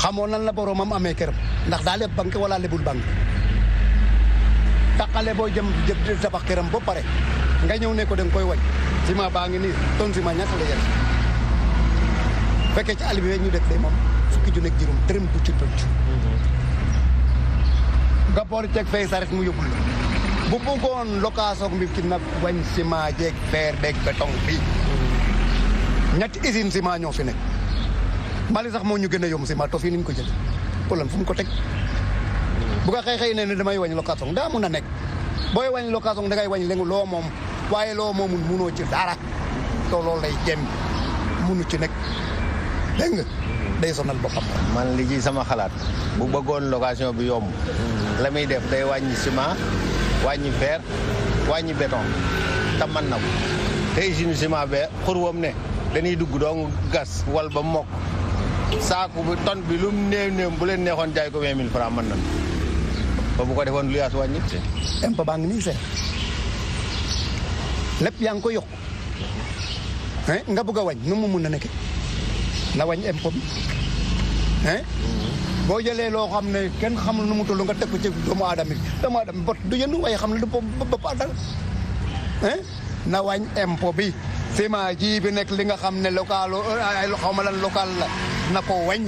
xamoon nan la boroomam amee këram ndax daa leb banque wala lebul banque taqale boo jëm jëm tabax këram ba pare nga ñëw ne ko da koy wañ ciment baa ngi nii ton ciment ñaata la jar fekkee ci àll ñu def day moom fukki junni ak juróom dërëm bu ci tënc nga boori sa fay saret mu yóbbul bu bëggoon location bi ki nag wañ ciment jeeg fer deeg béton bi ñetti usine ciment ñoo fi nekk Mali sax moo ñu gën a yomb si Mato fii ni ñu ko jëlee problème fu ko teg bu ko xëy xëy ne ne damay wàññi location daa mun a nekk booy wàññi location dangay wàññi léegi loo moom waaye loo moomul munoo ci dara te loolu lay jéem munu ci nekk dégg nga day sonal boppam. man li ci sama xalaat bu bëggoon location bi yomb la muy def day wàññi ciment wàññi fer wàññi béton te mën na ko te usine ciment be xur woom ne dañuy dugg dong gas wal ba mokk. saaku bi tonne bi lu mu bu leen neexoon jaay ko 20000 francs mën nañu ba bu ko defoon lu yaas wàññi. impôt baa ngi nii seet yaa ngi ko yokku nga bëgg a wàññi nu mu mun a nekkee na wàññi impôt mm-hmm. boo jëlee loo xam ne kenn xamul nu mu toll nga teg ko ci doomu aadama bi doomu xam ne du bopp dal na wàññi bi ciment ji bi nekk li nga xam ne local lan local la. na ko wañ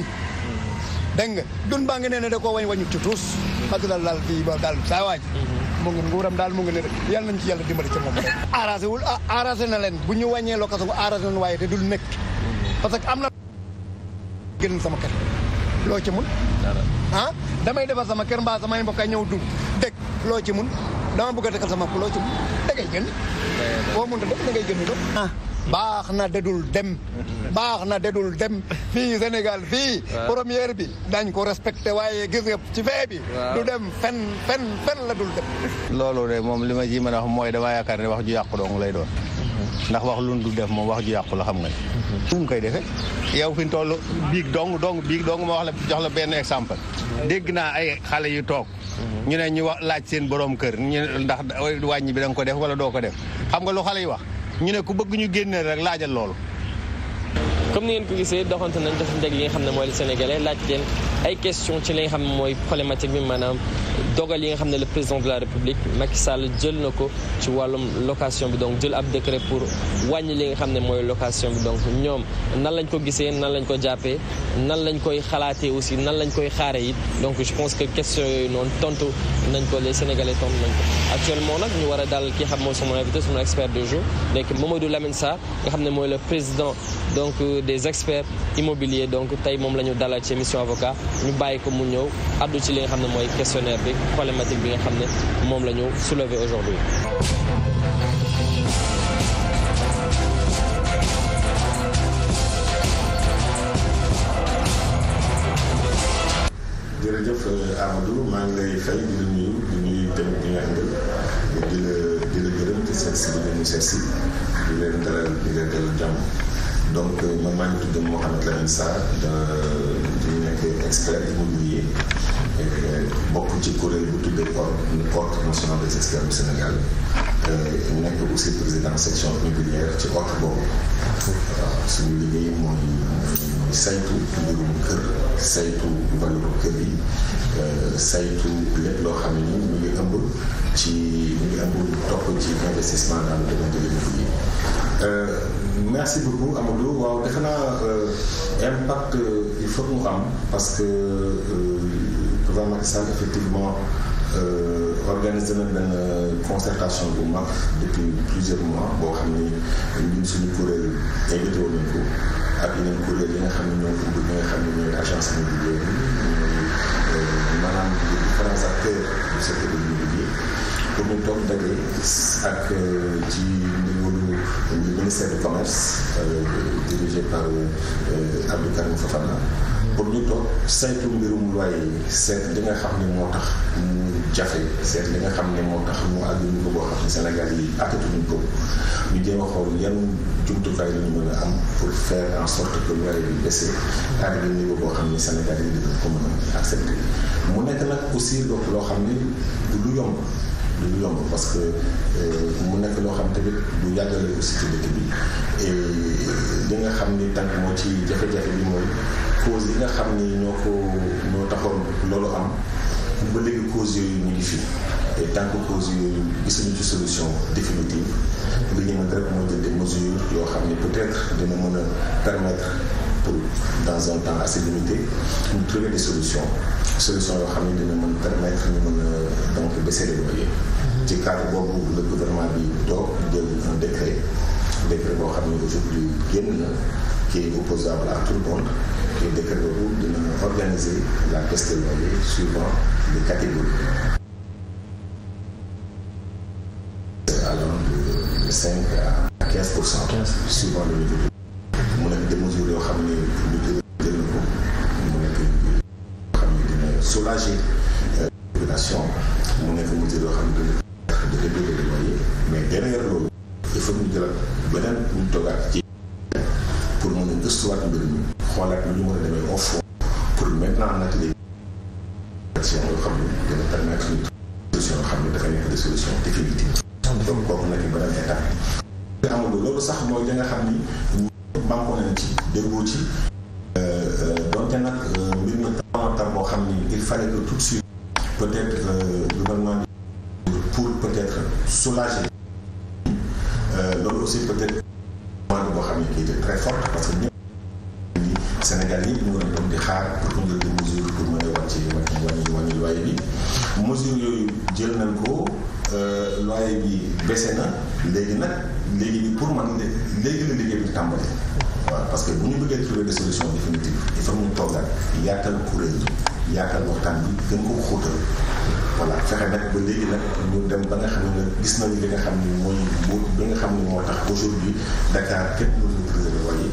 dégg nga dun baa ngi nee ne da koo wañ wañu ci tuus Macky mm-hmm. Sall daal fii ba daal saa waaj mm-hmm. mu ngi nguuram daal mu ngi ne yàlla nañ ci yàlla dimbali ci moom rek arrangé wul ah, arrangé na leen bu ñu wàññee location arrangé na waaye te dul nekk mm-hmm. parce que am na sama kër loo ci mun ah damay defar sama kër mbaa samay mbokk ñëw dund dëkk loo ci mun dama bëgg a dëkkal sama ko loo ci mun da ngay boo mun a def da ngay baax na dedul dem baax na dedul dem fii Sénégal fii première bi dañ ko respecté waaye gis ci fee bi lu dem fen fen fen la dul dem loolu de moom li ma ci mën a wax mooy dama yaakaar ne wax ju yàqu dong lay doon ndax wax lu dul def moom wax ju yàqu la xam nga ni mu koy defee yow fi mu toll biig dong dong biig dong ma wax la jox la benn exemple dégg naa ay xale yu toog ñu ne ñu wax laaj seen borom kër ñu ndax wàññi bi da ko def wala doo ko def xam nga lu xale yi wax ñu ne ku bëgg ñu génne rek laajal loolu comme ni ngeen ko gisee doxante nañ dafa ndeg li nga xam ne mooy le sénégalais laaj leen ay question ci li xam ne mooy problématique bi maanaam dogal yi nga xam ne le président de la république Macky Sall jël na ko ci wàllum location bi donc jël ab décret pour wàññi li nga xam ne mooy location bi donc ñoom nan lañ ko gisee nan lañ ko jàppee nan lañ koy xalaatee aussi nan lañ koy xaare it donc je pense que question yooyu noonu tontu nañ ko le sénégalais tontu nañ ko actuellement nag ñu war a daal xam mooy sama invité sama expert de jour xam ne mooy le président donc des experts immobiliers donc tey moom la ñu dalal ci émission avocat ñu bàyyi ko mu ñëw addu ci li nga xam ne mooy questionnaire bi problématique bi nga xam ne moom la ñu soulever aujourd'hui euh, ngi la donc euh, man maa ngi tudd Mouhamed Lamine Sarr di euh, nekk expert immobilier euh, bokk ci kuréel bu tuddee ordre national des experts du Sénégal nekk aussi président section immobilière ci ordre boobu waaw suñu liggéey mooy mooy saytu mbirum kër saytu valeur kër yi saytu lépp loo xam ne ñu ngi ëmb ci ñu topp ci investissement dans le domaine de l'immobilier merci beaucoup Amadou waaw defe naa euh, impact euh, il faut mu am parce que euh, président Macky Sall effectivement organisé na benn concertation bu mag depuis plusieurs mois boo xam ne ñun suñu kuréel invité woon nañ ko ak yeneen yi nga xam ne ñoo indi ñi nga xam ne ñooy agence immobilière yi maanaam différents acteurs ñu toog daje ak euh, ci ministère du commerce euh, dirigé par euh, Abdou pour ñu toog saytu mbirum loyer yi seet li nga xam ne moo tax mu jafe seet li nga xam ne moo tax mu àgg ñu ko boo xam ne Sénégal yi attatuñu ko ñu jéem a xool yan jumtukaay la ñu mën a am pour faire en sorte que loyer bi baisse arrivé xam ne Sénégal yi dina ko mën a accepté mu nekk nag aussi loo xam ne lu yomb du yomb parce que euh, mu nekk loo xam tamit du yàggale aussi ci dëkk bi et li nga xam ni tànk moo ci jafe-jafe bi mooy cause yi nga xam ni ñoo ko ñoo taxoon loolu am ba léegi cause yooyu ñu ngi fi te tant que cause yooyu gisuñu ci solution définitive li ñu rek moo jël des mesures yoo xam ni peut-être dina mën a permettre pour dans un temps assez limité ñu trouver des solutions solutions yoo xam ne dina mën permettre ñu mën a donc baisser les loyers mhm. ci cadre boobu le gouvernement bi doog jël un décret décret boo xam ne aujourd'hui génn na qui est opposable à tout le monde et décret boobu dina organiser la baisse des loyers suivant les catégories allant de 5 soulager population mu nekk mesure yoo xam ne dañu de réduire les loyers mais derrière loolu il faut ñu jëlaat beneen ñu togaat ci pour mën a gëstuwaat mbir mi xoolaat ñu mën a demee au fond pour maintenant nag les solutions yoo xam ne dina permettre ñu solution yoo xam ne dafa nekk des solutions définitives donc kooku nekk beneen étape nga amul loolu sax mooy li nga xam ni ñu bànkoo nañ ci déggoo ci euh, euh, donte nag euh, mbir mi fallait que tout de suite, peut-être euh, le gouvernement pour peut-être soulager. Euh, loolu aussi peut-être demande boo xam ne kii était très forte parce que ñëpp Sénégal yi ñu war a di xaar pour ñu jël des mesures pour mën a yooyu jël nañ ko euh, loyer bi baissé na léegi nag léegi bi pour man léegi la liggéey bi tàmbali waaw parce que bu ñu bëggee trouver des solutions définitives il faut ñu toogaat yaatal kuréel yi yaatal waxtaan bi gën ko xóotal voilà fexe nag ba léegi nag ñu dem ba nga xam ne gis nañu li nga xam ne mooy mbóot bi nga xam ne moo tax aujourd'hui Dakar kenn mënuñu préserver waaye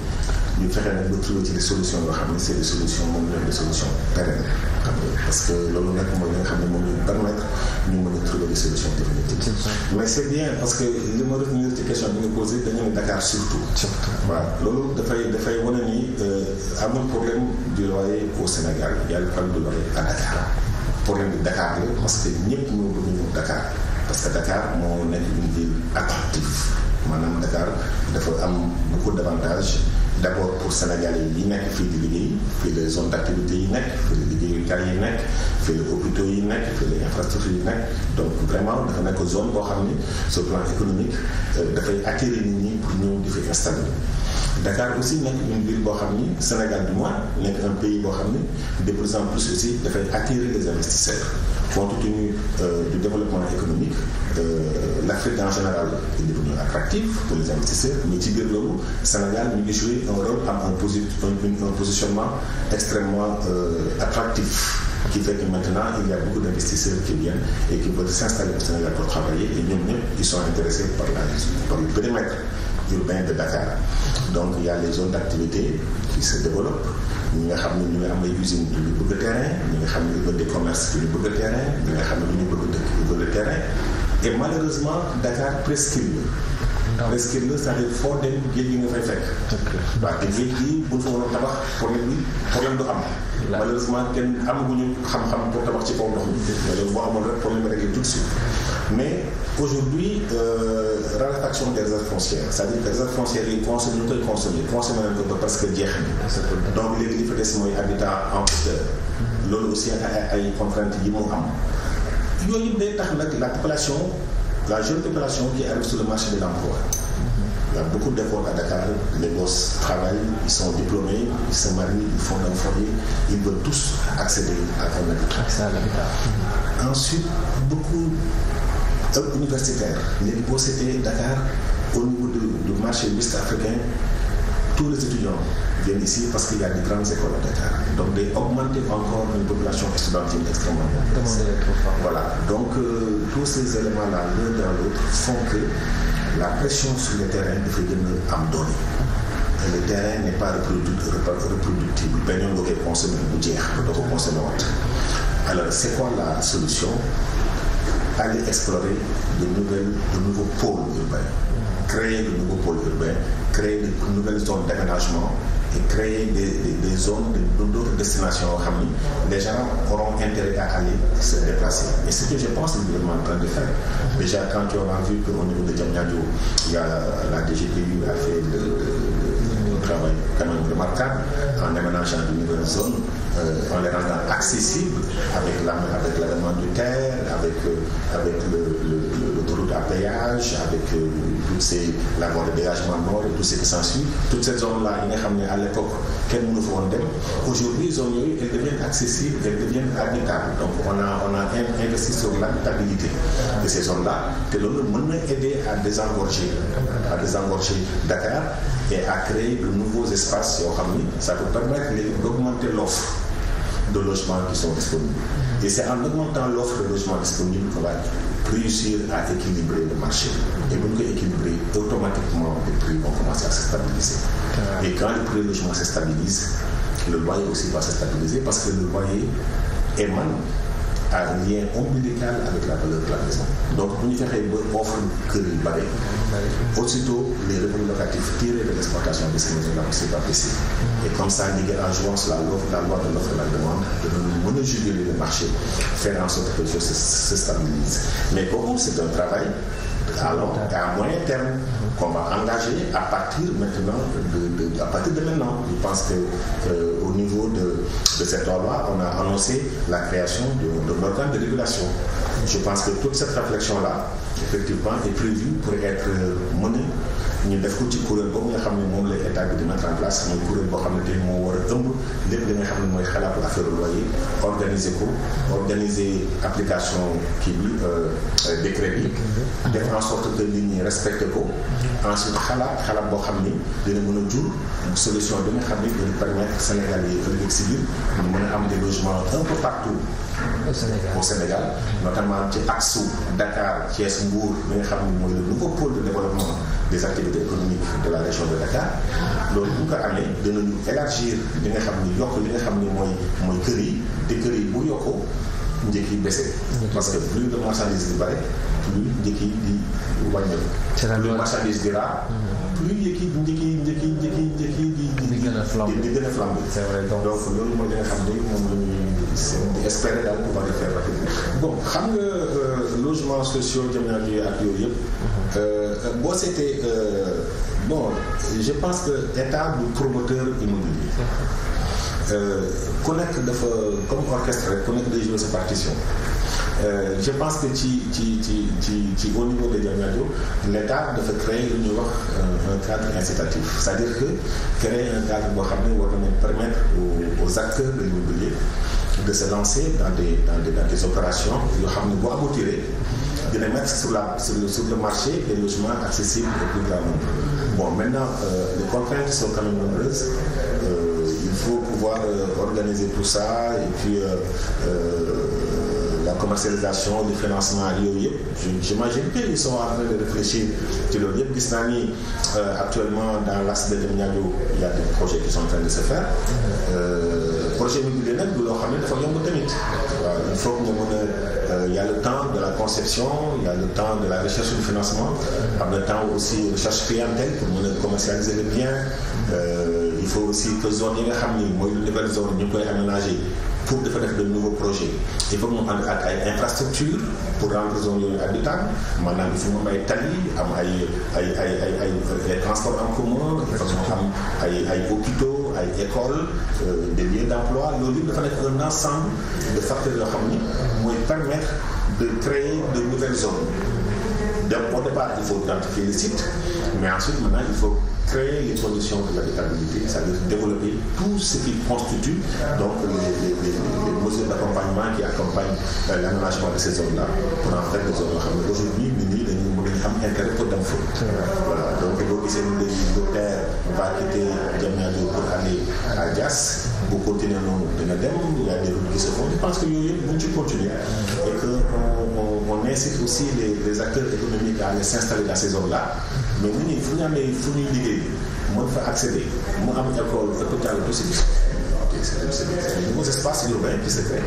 ñu fexe nag ba trouver ci des solutions yoo xam ne c'est des solutions moom la des solutions pérennes xam parce que loolu nag mooy li nga xam ne moom ñu permettre parce que li ma retenir ci question bi nga posé dañu ne surtout waaw loolu dafay dafay wane ni euh, am na problème du loyer au Sénégal yàlla problème du loyer à Dakar problème bi Dakar la parce que ñëpp ñoo bëgg ñëw Dakar parce que Dakar moo nekk une ville attractive maanaam Dakar dafa am beaucoup d'avantages d' abord pour Sénégalais yi nekk fii di liggéey fii la zone d' activité yi nekk fii la liggéeyukaay yi nekk fii la hôpitaux yi nekk fii la infrastructure yi nekk donc vraiment dafa nekk zone boo xam ni sur plan économique euh, dafay attirer nit ñi pour ñëw di fi installer Dakar aussi nekk une ville boo xam ni Sénégal du moins nekk un pays boo xam ni de plus en plus aussi dafay attirer les investisseurs compte tenu euh, du développement économique euh, l'Afrique en général est devenue attractive pour les investisseurs mais ci biir Sénégal ñu ngi jouer un rôle am un positionnement extrêmement euh, attractif qui fait que maintenant il y a beaucoup d'investisseurs qui viennent et qui veulent s'installer au Sénégal pour travailler et ñoom urbain de Dakar donc il y a les zones d'activité qui se développent ñi nga xam ne ñu ngi am ay usines yu ñu bëgg terrain ñi nga xam ne ñu bëgg commerce yu ñu bëgg terrain ñi nga xam ne ñu bëgg dëkk yu bëgg terrain et malheureusement Dakar presqu'île la. presqu'île la c'est-à-dire foo dem géej gi nga fay fekk. waaw te géej gi buñ fa waroon tabax problème bi problème du am. malheureusement kenn amaguñu xam-xam pour tabax ci kaw ndox mi. loolu boo amoon rek problème bi réglé tout de suite mais aujourd'hui euh, taxation des réserves foncières c'est-à-dire que en hauteur ay ay yi mu am la population la jeune population qui arrive sur le marché de l'emploi a beaucoup d'efforts à Dakar, les boss travaillent, sont diplômés, ils se marient, ils font un foyer, ils tous accéder à un habitat. Ensuite, beaucoup hub universitaire léegi boo seetee Dakar au niveau du marché ouest africain tous les étudiants viennent ici parce que y a des grandes écoles à Dakar donc day augmenter encore une population estudiantine extrêmement importante. voilà donc euh, tous ces éléments là l'un dans l'autre font que la pression sur le terrain dafay gën a am doole. le terrain n'est pas reproductible reproductible benn yoon bu jeex ba doo alors c'est quoi la solution. aller explorer de nouvelles de nouveaux pôles urbains créer de nouveaux pôles urbains créer de nouvelles zones d'aménagement et créer des des, des zones de d'autres destinations yoo xam ni les gens intérêt à aller se déplacer et ce que je pense que le gouvernement est en train de faire déjà quand tu auras vu qu'au niveau de Diamniadio il y a la DGPU a fait le travail quand même remarquable en aménageant de nouvelles zones, euh, en à péage avec euh, toutes ces la voie de dégagement nord et tout ce qui s'ensuit toute cette zone là yi nga xam ne à l'époque kenn mënu dem aujourd'hui zone yooyu elles deviennent accessibles elles deviennent habitables donc on a on a investi la l'habitabilité de ces zones la te loolu mën na aider à désengorger à désengorger Dakar et à créer de nouveaux espaces yoo xam ni ça peut permettre léegi d'augmenter l'offre de logements qui sont disponibles et c'est en augmentant l'offre de logements disponibles qu'on va réussir à équilibrer le marché. Et bu ñu équilibrer automatiquement les prix vont commencer à se Et quand le prix du logement le loyer aussi va se parce que le loyer émane à un lien ombilical avec la valeur de la maison. donc bu ñu fexee ba offre kër yu bare. aussitôt les revenus locatifs tirés de l'exploitation de ces maisons là et comme ça ñu ngi jouance la loi de l'offre la demande danañu mën a juguler le marché faire en sorte que se stabilisent mais boobu c'est un travail. à long terme, à moyen terme, qu'on va engager à partir maintenant de, de, à partir de maintenant. Je pense que euh, au niveau de, de cette loi-là, on a annoncé la création de, de l'organe de régulation. Je pense que toute cette réflexion-là, effectivement, est prévue pour être euh, menée ñu def ko ci kuréel boobu nga xam ne moom la état bi di mettre en place mooy kuréel boo xam ne tey moo war a ëmb lépp li xam ne mooy xalaatu affaire loi yi organiser ko organiser application kii bi euh, euh, décret bi. def en sorte que ñi respecté ko. ensuite xalaat xalaat boo xam ne dina mën a jur solution bi xam ne dina permettre Sénégal yi ëllëg si biir ñu mën a am des logements un au Sénégal au ci axe Dakar Thiès Mbour bi nga xam ne mooy le des activités économiques de la région de Dakar loolu bu ñu ko amee dinañu élargir li nga xam ni yokk li nga xam ni mooy mooy kër yi te kër yi bu yokkoo njëkk yi baissé parce que plus de marchandise bi bare plus njëkk yi di wàññeeku. c' est plus di raar. Mm-hmm. plus njëkk yi njëkk yi njëkk yi njëkk yi njëkk yi di. di a di gën a flambé. c' xam ne moom la ñuy di espérer daal pouvoir le faire rapidement. bon xam nga euh, logements sociaux jëm naa ak yooyu mm-hmm. euh, euh, je pense que état du promoteur immobilier. Mm-hmm. ku nekk dafa comme orchestre rek ku nekk day Euh, je pense que ci ci ci ci ci au niveau de Diamniadio l'État dafa créer lu ñuy wax euh, un cadre incitatif c'est-à-dire que créer un cadre boo xam ne war na permettre aux acteurs de l'immobilier de se lancer dans des dans des dans des opérations yoo xam ne boo aboutiree dina mettre sur la sur le marché des logements accessibles au plus grand nombre. bon maintenant euh, sont quand même euh, il faut pouvoir organiser tout ça et puis. la commercialisation du financement yooyu yëpp j'imagine que ils sont en train de ci loolu yëpp gis naa ni euh, actuellement dans la de Diamniadio il y a des projets qui sont en train se faire euh, projet immobilier nag du loo xam ne dafa yomb tamit waaw il euh, le temps de la conception il a le temps de la recherche du financement am na temps aussi recherche clientèle pour mën a commercialiser le bien il faut aussi que zone yi nga xam ni mooy nouvelle zone ñu koy aménager pour dafa def de nouveaux projets il faut mu ak ay infrastructure pour rendre zone yooyu habitable maanaam il faut mu am ay tali am ay ay ay ay ay euh, transport en commun il faut mu am ay ay hôpitaux ay écoles euh, des lieux d'emploi loolu dafa nekk un ensemble de facteurs yoo xam ni mooy permettre de créer de nouvelles zones Donc, au départ, il faut identifier le site, mais ensuite, maintenant, il faut créer les conditions de l'habitabilité, cest dire développer tout ce qui constitue donc, les, les, d'accompagnement qui accompagnent euh, de ces zones-là pour en faire des zones. Aujourd'hui, nous avons un intérêt pour d'info. Voilà, donc vous voyez, le terre va quitter Diamniadio pour aller à Dias, vous continuez, il y a des routes qui se font. Je pense que incite aussi les, les acteurs économiques à aller s'installer dans ces zones-là. mais nit ñi fu ñu amee fu ñuy liggéey mën fa accéder mu am école hôpital et tout ce qui c'est de nouveaux espaces urbains qui se créent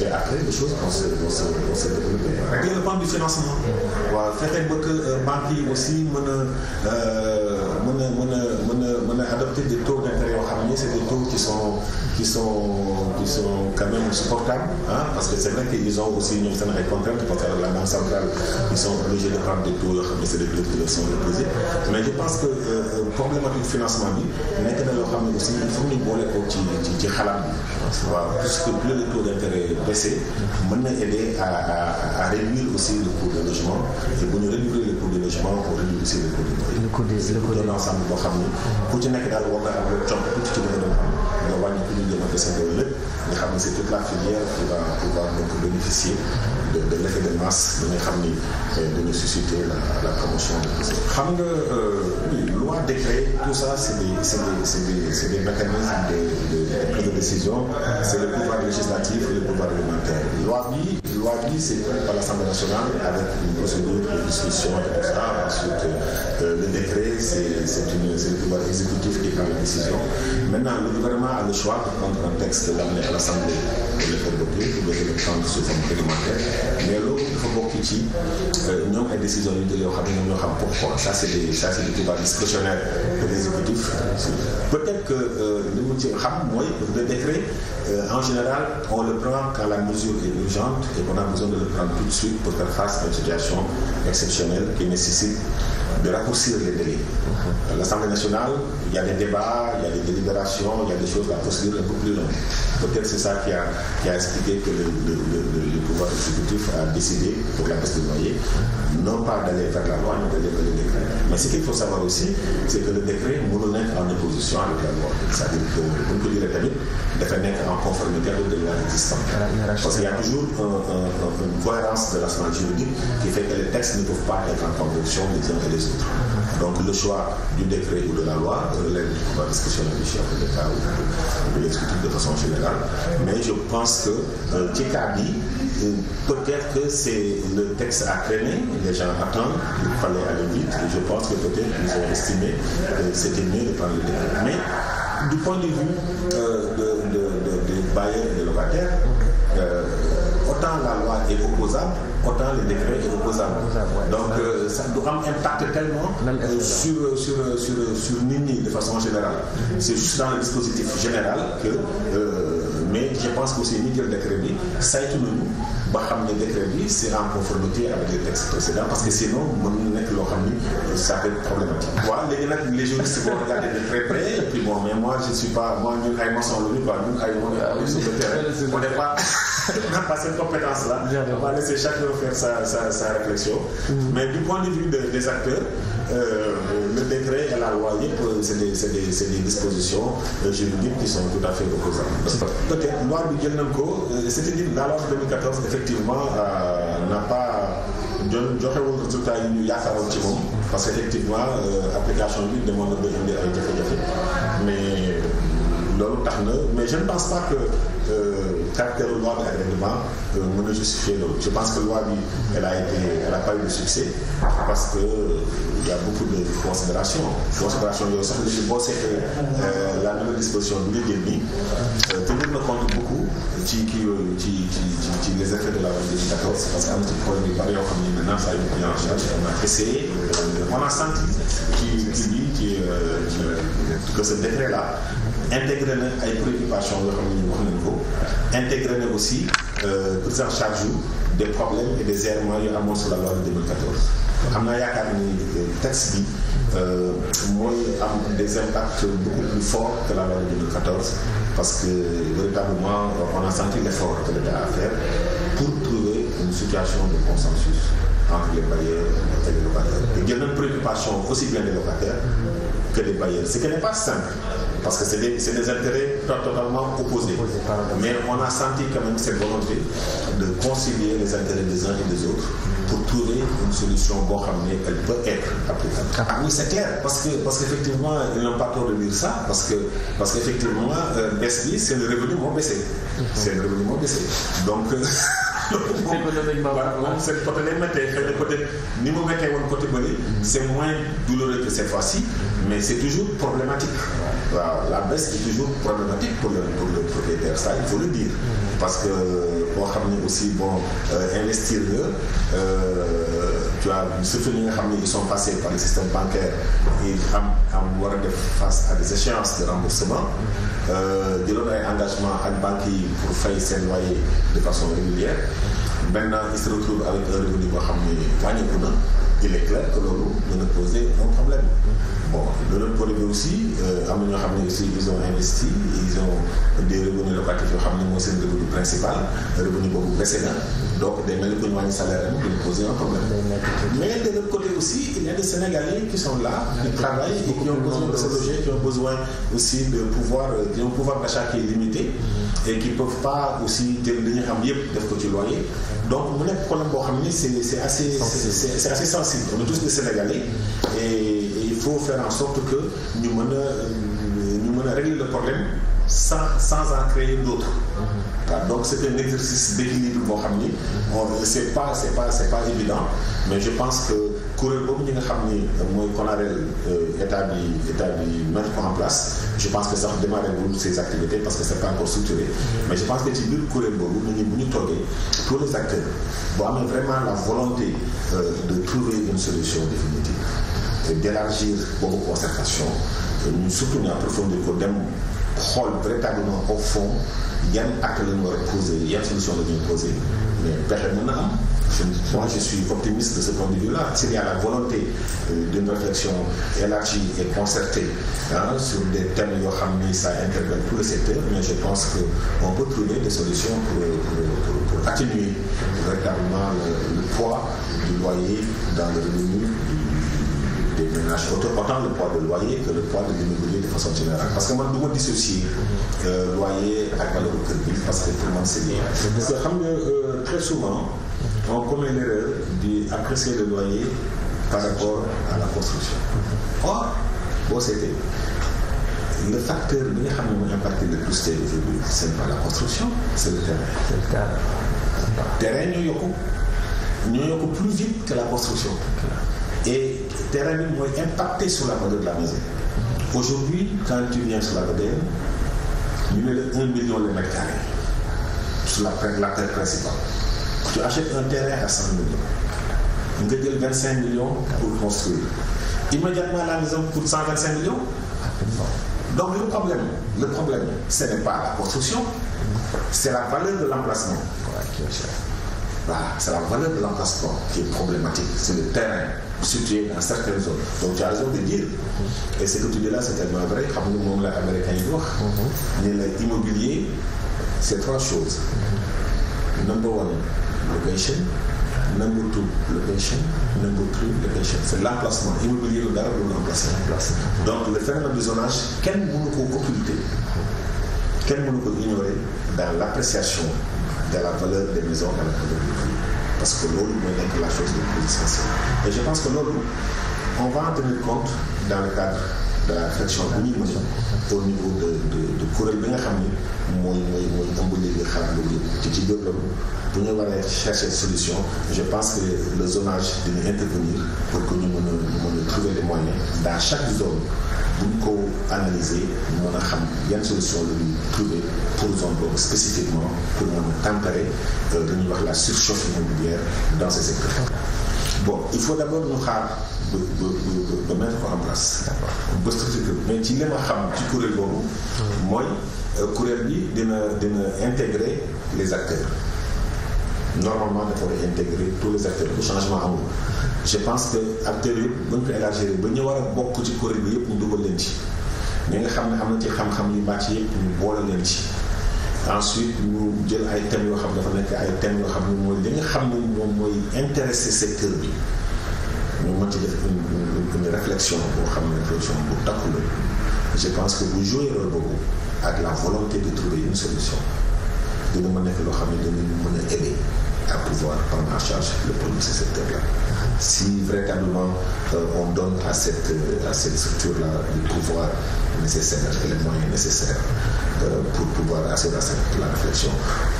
et après les choses vont se vont se vont se développer. régler le problème du financement. waaw fexe ba que euh, banques yi aussi mën a. Euh, mën a mën a mën a mën a adopter des taux d'intérêt yoo xam ni c'est des taux qui sont qui sont qui sont quand même supportables ah parce que c'est vrai que ont aussi ñoom seen ay contraintes parce que la banque centrale ils sont obligés de prendre des taux yoo xam ne c'est des taux qui leur sont imposés mais je pense que euh, euh, problématique financement bi nekk na loo xam ne aussi il faut ñu boole ko ci xalaat waaw puisque plus le taux d'intérêt baissé mën na aider à à réduire aussi le coût de logement te bu ñu réduire le coût de logement on réduire aussi le coût de le coût des loyers ensemble boo xam ni ku ci nekk daal war nga am loolu coono tuuti ci mën a ku ñu jëm a dese loolu lépp xam ne c'est toute la filière qui va pouvoir donc de de l'effet de masse bi nga xam ni dañu susciter la la de xam nga euh, loi décret tout ça c'est des c'est des c'est des c'est des mécanismes de de prise de décision c'est le pouvoir législatif et le pouvoir réglementaire loi loi qui s'est faite par l'Assemblée nationale avec une procédure de discussion et tout ça. Ensuite, euh, le décret, c'est le pouvoir exécutif qui prend la décision. Maintenant, le gouvernement a le choix de prendre un texte de l'amener à l'Assemblée pour le faire voter, pour le prendre sous forme réglementaire. Mais l'autre, il faut beaucoup qui n'ont pas décision de l'Union pourquoi. Ça, c'est du pouvoir discrétionnaire de l'exécutif. Peut-être que euh, le motif, le décret, euh, en général, on le prend quand la mesure est urgente et qu'on on a besoin de le prendre tout de suite pour faire face à une situation exceptionnelle qui nécessite de raccourcir les délais. Mhm. À l'Assemblée nationale, il y a des débats, il y a des délibérations, il y a des choses, la procédure est Peut-être c'est ça qui a, qui a, expliqué que le, le, le, le pouvoir exécutif a décidé pour la non pas d'aller vers la loi, mais Mais ce qu'il faut savoir aussi, c'est que en opposition avec la loi. C'est-à-dire en conformité avec les lois existantes. Ah, Parce a toujours un, un, de la semaine juridique qui fait que les textes en convention les uns et les autres. Donc le choix du décret ou de la loi relève du pouvoir discrétionnaire du chef de l'État ou de l'exécutif de façon générale. Mais je pense que euh, ci cas bi euh, peut-être que c'est le texte a traîné, les gens attendent, il fallait aller vite et je pense que peut-être ils ont estimé que c'était mieux de prendre le décret. Mais du point de vue euh, de de de des bailleurs et des locataires euh, autant la loi est opposable autant les décrets et opposables donc euh, ça du am impact tellement euh, sur euh, sur sur sur nit ñi de façon générale mm-hmm. c'est juste dans le dispositif général que mais je pense que aussi ñi jël décret bi saytu nañu ba xam ne décret bi c'est en conformité avec les textes précédents parce que sinon mën na nekk loo xam ni ça peut être problématique. waaw léegi nag les juristes vont regarder de très bon mais moi je ne suis pas moi ñun ay maçon la ñu quoi ñun ay ay ah euh, sur le compétence là. on va laisser chacun faire sa réflexion. Mm. mais du point de vue des acteurs euh, le décret. la loi yëpp euh, c'est des c'est des c'est des dispositions euh, juridiques qui sont tout à fait opposables. peut-être loi bi jël nañ ko c'est-à-dire la loi de 2014 effectivement euh, n'a pas joxewul résultat yi ñu yaakaaroon ci moom. parce que effectivement application bi demoon na ba indi ay jafe-jafe mais loolu tax na mais je ne pense pas que. caractère loi de règlement euh, justifier loolu je pense que loi bi elle a été elle a pas eu de succès parce que euh, il y a beaucoup de considérations considérations yooyu sax je pense que euh, la nouvelle disposition bi nga génn nii tenir na compte beaucoup ci kii yooyu ci ci ci les de la loi de parce que am na essayé on que ce décret là intégré na ay préoccupations yoo xam ne wax nañ ko intégré na aussi euh, prise en charge des problèmes et des errements yu amoon sur la loi de 2014. am naa yaakaar ni euh, texte bi euh, mooy am des impacts beaucoup plus forts que la loi de 2014 parce que véritablement on a senti l'effort que l'État a fait pour trouver une situation de consensus entre les bailleurs et les locataires. préoccupation aussi bien des locataires que des bailleurs, parce que c'est des, des, intérêts totalement opposés. Mais on a senti quand même cette volonté de concilier les intérêts des uns et des autres pour trouver une solution bon elle peut être applicable. Ah. ah oui, c'est clair, parce que parce qu'effectivement, ils n'ont pas tort de dire ça, parce que parce qu'effectivement, euh, c'est le revenu moins baissé. Mhm. C'est le revenu moins Donc c'est moins douloureux que cette fois-ci mhm. mais c'est toujours problématique waaw la baisse est toujours problématique pour le pour le propriétaire ça il faut le dire. Mm-hmm. parce que boo xam ne aussi bon euh, investir nga euh, tu as surtout ñi nga xam ne ils sont passés par le système bancaire ils am am war a def face à des échéances de remboursement. Mm-hmm. Euh, jëloon ay engagement ak banques yi pour fay seen loyer de façon régulière mm-hmm. maintenant ils se retrouvent avec un revenu boo xam ne wàññeeku na. il est clair loolu dana poser un problème. bon de l'autre côté bi aussi euh, am na ñoo xam ne si ils ont investi ils ont des revenus locatifs yoo xam ne mooy seen revenu principal revenu boobu baissé na. donc day mel ni que ñu wàññi salaire am dañu poser un problème. mais de l'autre côté aussi il y a des Sénégalais qui sont là. qui travaillent et qui ont besoin de se de pouvoir euh, mm-hmm. qui peuvent pas aussi jël li ñu xam yëpp def ko ci loyer. Mm-hmm. donc mu nekk problème boo xam ni c'est c'est assez c'est c'est assez sensible on est tous des Sénégalais mm-hmm. et il faut faire en sorte que ñu mën a euh, ñu mën a régler le problème. sans sans en créer d'autres. waaw mmh. donc c'est un exercice d'équilibre boo xam ni. on c'est pas c'est pas c'est pas évident mais je pense que kuréel boobu ñi nga xam ni mooy Konarel euh, état bi état bi place je pense que sax démarrer wul ces activités parce que c'est pas encore structuré. Mmh. mais je pense que ci biir kuréel boobu ñu bu ñu toogee tous les acteurs boo amee vraiment la volonté euh, de trouver une solution définitive et d'élargir boobu concertation ñu surtout ñu approfondir ko dem. xool véritablement au fond yan acte la ñu war a poser yan solution la ñuy poser mais pexe mën na am moi je suis optimiste de ce point de vue-là s'il a la volonté euh, d'une réflexion élargie et concertée hein, sur des thèmes yoo xam ni ça interpelle tout le secteur mais je pense que on peut trouver des solutions pour pour, pour, pour atténuer véritablement le, poids du loyer dans le revenu ménage autant le poids de loyer que le poids de l'immobilier de façon générale parce que man du ma euh, loyer ak valeur parce que pour man c'est bien xam nga euh, très souvent on commet l'erreur di le loyer par rapport à la construction or boo seetee le facteur bi nga xam ne mooy impacté le plus tey c'est le terrain c'est le terrain terrain ñoo yokku plus vite que la construction terrain bi mooy sur la valeur de la maison. aujourd'hui quand tu viens la VDN un million le mètre carré sur la la terre principale. tu achètes un terrain à cent millions nga jël vingt cinq millions pour construire immédiatement la maison coûte cent vingt cinq millions. donc le problème le problème ce n'est pas la construction c'est la valeur de l'emplacement. c'est la valeur de l'emplacement qui est problématique c'est le terrain. situé dans certaines zones donc tu as raison de dire et ce que tu dis là c'est tellement xam nga moom la américain yi wax ne la immobilier c'est trois choses number one location number two location number three location c'est l'emplacement immobilier lu dara lu emplacement donc le phénomène du zonage kenn mënu ko occulter kenn mënu ko ignorer dans l'appréciation de la valeur des maisons à la parce que loolu mooy nekk la chose la plus et je pense que loolu on va en tenir compte dans le cadre de la réflexion bu ñuy mën au niveau de de de kuréel bi nga xam ni mooy mooy mooy ëmb léegi xalaat loolu yëpp te ci biir loolu bu ñu waree solution je pense que le zonage dina intervenir pour que ñu mën a trouver les moyens dans chaque zone buñ ko analyser mun a xam yan solution la ñuy trouver pour zone boobu spécifiquement pour mën a dañuy euh, wax la surchauffe immobilière dans ces secteurs bon il faut d'abord ñu xaar ba ba ba ko en place. d'accord ba structure mais ci li ma xam ci kuréel boobu. Hmm. mooy euh, kuréel bi dina dina intégrer les acteurs. normalement dafa war a intégrer tous les acteurs bu changement amul je pense que acteurs yëpp ba nga ko élargir ba ñu war a bokk ci kuréel bi yëpp ñu dugal ci ñi nga xam ne am na ci xam-xam yu màcc yëpp ñu boole leen ci ensuite ñu jël ay thèmes yoo xam dafa nekk ay thèmes yoo xam ne mooy li nga xam ne moom mooy intéressé secteur bi ñu mën ci def une une réflexion boo xam ne réflexion bu takku la je pense que bu joué rôle boobu ak la volonté de trouver solution dina ma nekk loo xam ne dinañu mën a aider à pouvoir prendre en charge le problème de ce Si véritablement euh, on donne à cette, à cette structure-là le pouvoir nécessaire et les moyens euh, pour pouvoir à cette, la réflexion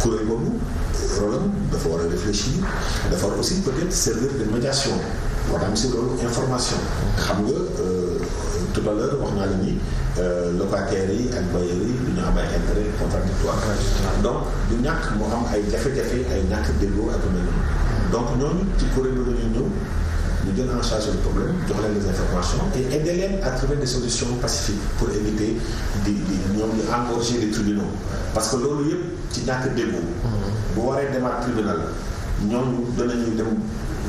kuréel boobu rôlam dafa war a réfléchir dafa war aussi peut-être servir de médiation. maanaam si loolu information xam nga euh, tout à l'heure wax naa la ni euh, locataires yi ak bailleurs yi du ñu am contradictoire donc du ñàkk moo am ay jafe-jafe ay ñàkk déggoo ak mel donc ñooñu ci kuréel la ñu ñëw ñu jël en charge le problème jox leen les informations et aider leen à trouver des solutions pour éviter di ñoom ñu engorger les tribunaux parce que loolu yëpp ci ñàkk déggoo mmh. bu waree demaat tribunal ñoom danañu dem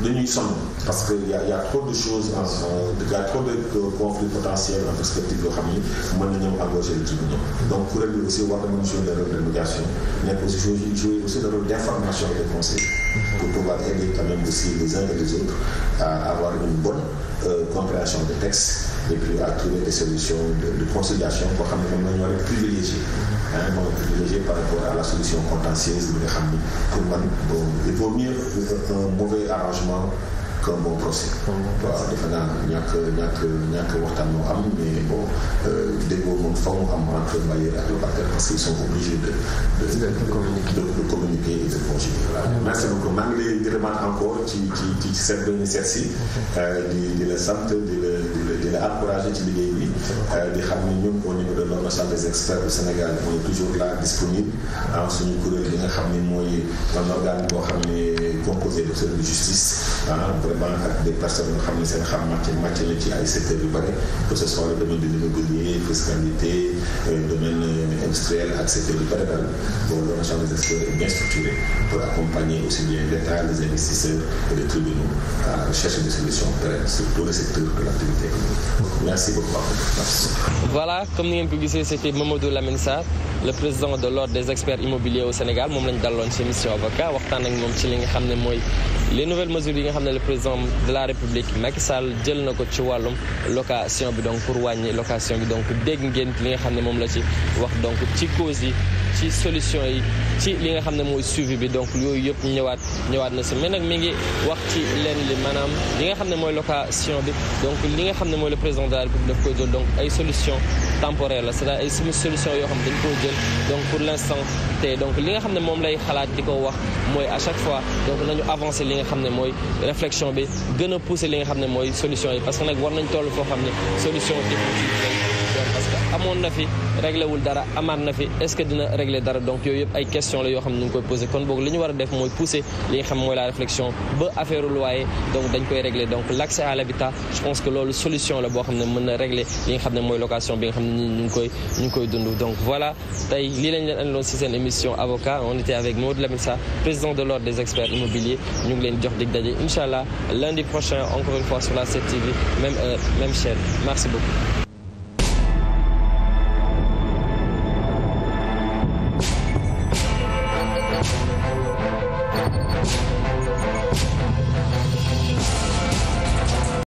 dañuy sonn parce que y' a y' trop de choses en y' a trop de conflits en perspective yoo xam ni mën nañoo engagé ci biir ñoom. donc kuréel bi aussi war na mën a jouer de médiation nekk aussi jouer aussi le rôle d' information et de conseil. pour pouvoir aider quand même aussi les uns et euh, de, de conciliation xam ne moom la ñu war vraiment privilégié par rapport a la solution contentieuse bi nga xam ni pour man bon il un mauvais arrangement qu'un bon procès. Mm-hmm. waaw defe naa ñàkk waxtaan moo am mais bon euh, déggoo am entre bailleur ak locataire parce qu'ils sont obligés de de de communiquer et de conjuguer. voilà mm-hmm. merci beaucoup maa ngi lay gërëmaat encore ci ci ci seet mm-hmm. euh, la sant di la di la encouragé ci liggéey bi. Euh, di xam ni ñun au niveau de national des experts du Sénégal on est toujours là disponible ah suñu kuréel bi nga xam ne mooy un organe boo xam ne composé de service justice ah vraiment ak des personnes nga xam ne seen xam màcc màcc la ci ay secteurs yu ce soit le domaine de l'immobilier fiscalité euh, domaine euh, industriel ak secteur yu bëri daal loolu la chambre bien structurée pour accompagner aussi bien l'État les investisseurs et les tribunaux à chercher des solutions pérennes sur tous les de l'activité économique merci beaucoup voilà comme ni ngeen c'était Mamadou Lamine Sarr. le président de l'ordre des experts immobiliers au Sénégal moom lañ daloon ci mission avocat waxtaan ak moom ci li nga xam ne mooy les nouvelles mesures yi nga xam ne le président de la république Macky jël na ko ci wàllum location bi donc pour wàññi location bi donc dégg ngeen li nga xam ne moom la ci wax donc ci cause yi ci solution yi ci li nga xam ne mooy suivi bi donc yooyu yëpp ñëwaat ñëwaat na si mais nag mi ngi wax ci leen li maanaam li nga xam ne mooy location bi donc li nga xam ne mooy le président daf koy jël donc ay solution temporaire la cest ay simi solution yoo xam dañ koy jël donc pour l'instant te donc li nga xam ne moom lay xalaat di ko wax mooy à chaque fois donc nañu avancer li nga xam ne mooy réflexion bi gën a pousser li nga xam ne mooy solution yi parce que nag war nañ toll foo xam ne solution définitive amoon na fi réglé wul dara amaat na fi est-ce que dina réglé dara donc yooyu yëpp ay question la yoo xam ne ñu ngi koy posé kon boog li ñu war a def mooy pousser li nga xam mooy la réflexion ba affaire u loyer donc dañ koy réglé l'accès à l'habitat je pense que loolu solution la boo xam ne mën na réglé li nga xam ne mooy location bi nga xam ne ñu ngi koy koy dund donc voilà tey lii lañ leen andiloon ci seen émission avocat on était avec Mamadou Lamine Sarr président de l'ordre des leen jox dig daje incha allah lundi prochain encore une fois sur la 7TV même